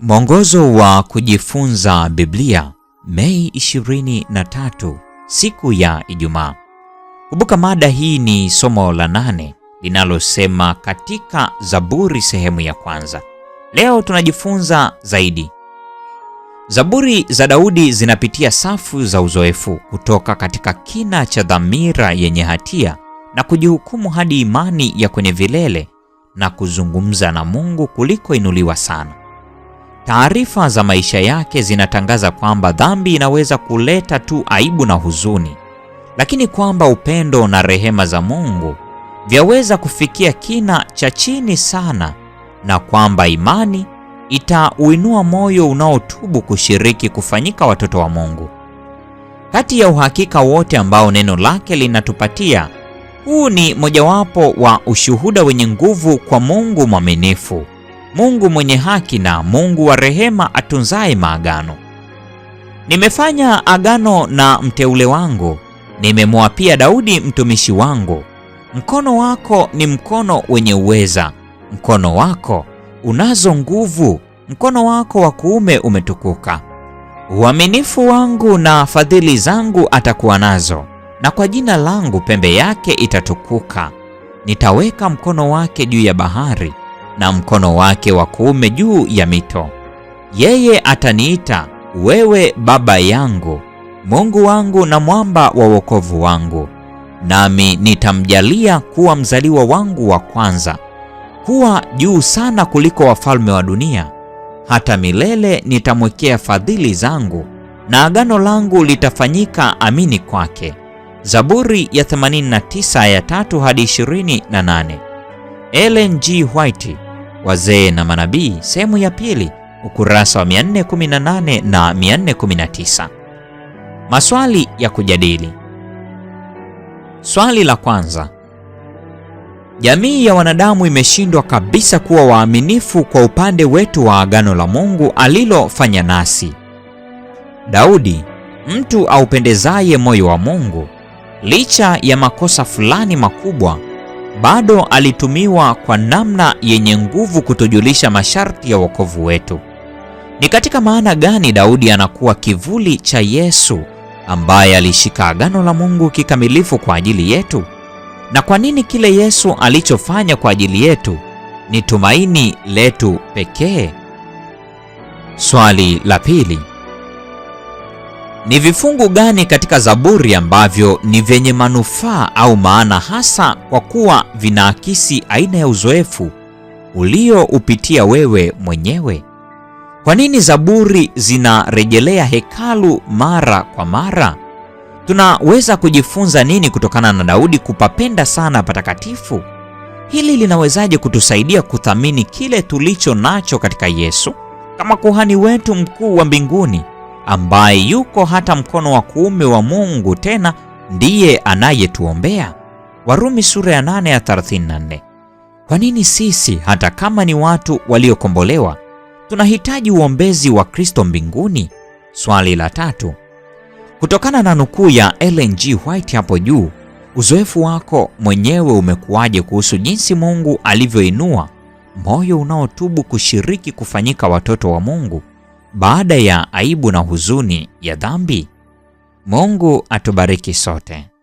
Mwongozo wa kujifunza Biblia, Mei 23, siku ya Ijumaa. Kumbuka mada hii ni somo la nane linalosema katika Zaburi sehemu ya kwanza. Leo tunajifunza zaidi. Zaburi za Daudi zinapitia safu za uzoefu kutoka katika kina cha dhamira yenye hatia na kujihukumu hadi imani ya kwenye vilele na kuzungumza na Mungu kuliko inuliwa sana. Taarifa za maisha yake zinatangaza kwamba dhambi inaweza kuleta tu aibu na huzuni, lakini kwamba upendo na rehema za Mungu vyaweza kufikia kina cha chini sana, na kwamba imani itauinua moyo unaotubu kushiriki kufanyika watoto wa Mungu. Kati ya uhakika wote ambao neno lake linatupatia, huu ni mojawapo wa ushuhuda wenye nguvu kwa Mungu mwaminifu. Mungu mwenye haki na Mungu wa rehema atunzaye maagano. Nimefanya agano na mteule wangu, nimemwapia Daudi mtumishi wangu, mkono wako ni mkono wenye uweza, mkono wako unazo nguvu, mkono wako wa kuume umetukuka. Uaminifu wangu na fadhili zangu atakuwa nazo, na kwa jina langu pembe yake itatukuka. Nitaweka mkono wake juu ya bahari na mkono wake wa kuume juu ya mito. Yeye ataniita wewe Baba yangu, Mungu wangu na mwamba wa wokovu wangu, nami nitamjalia kuwa mzaliwa wangu wa kwanza, kuwa juu sana kuliko wafalme wa dunia. Hata milele nitamwekea fadhili zangu, na agano langu litafanyika amini kwake. Zaburi ya 89 ya 3 hadi 28. Ellen G. White wazee na manabii, sehemu ya pili, ukurasa wa 418 na 419. Maswali ya kujadili. Swali la kwanza, jamii ya wanadamu imeshindwa kabisa kuwa waaminifu kwa upande wetu wa agano la Mungu alilofanya nasi. Daudi, mtu aupendezaye moyo wa Mungu, licha ya makosa fulani makubwa bado alitumiwa kwa namna yenye nguvu kutujulisha masharti ya wokovu wetu. Ni katika maana gani Daudi anakuwa kivuli cha Yesu ambaye alishika agano la Mungu kikamilifu kwa ajili yetu? Na kwa nini kile Yesu alichofanya kwa ajili yetu ni tumaini letu pekee? Swali la pili, ni vifungu gani katika Zaburi ambavyo ni vyenye manufaa au maana hasa kwa kuwa vinaakisi aina ya uzoefu ulioupitia wewe mwenyewe? Kwa nini Zaburi zinarejelea hekalu mara kwa mara? Tunaweza kujifunza nini kutokana na Daudi kupapenda sana patakatifu? Hili linawezaje kutusaidia kuthamini kile tulicho nacho katika Yesu kama kuhani wetu mkuu wa mbinguni? ambaye yuko hata mkono wa kuume wa Mungu, tena ndiye anayetuombea. Warumi sura ya 8 ya 34. Kwa nini sisi hata kama ni watu waliokombolewa tunahitaji uombezi wa Kristo mbinguni? Swali la tatu. Kutokana na nukuu ya Ellen G. White hapo juu, uzoefu wako mwenyewe umekuwaje kuhusu jinsi Mungu alivyoinua moyo unaotubu kushiriki kufanyika watoto wa Mungu? baada ya aibu na huzuni ya dhambi. Mungu atubariki sote.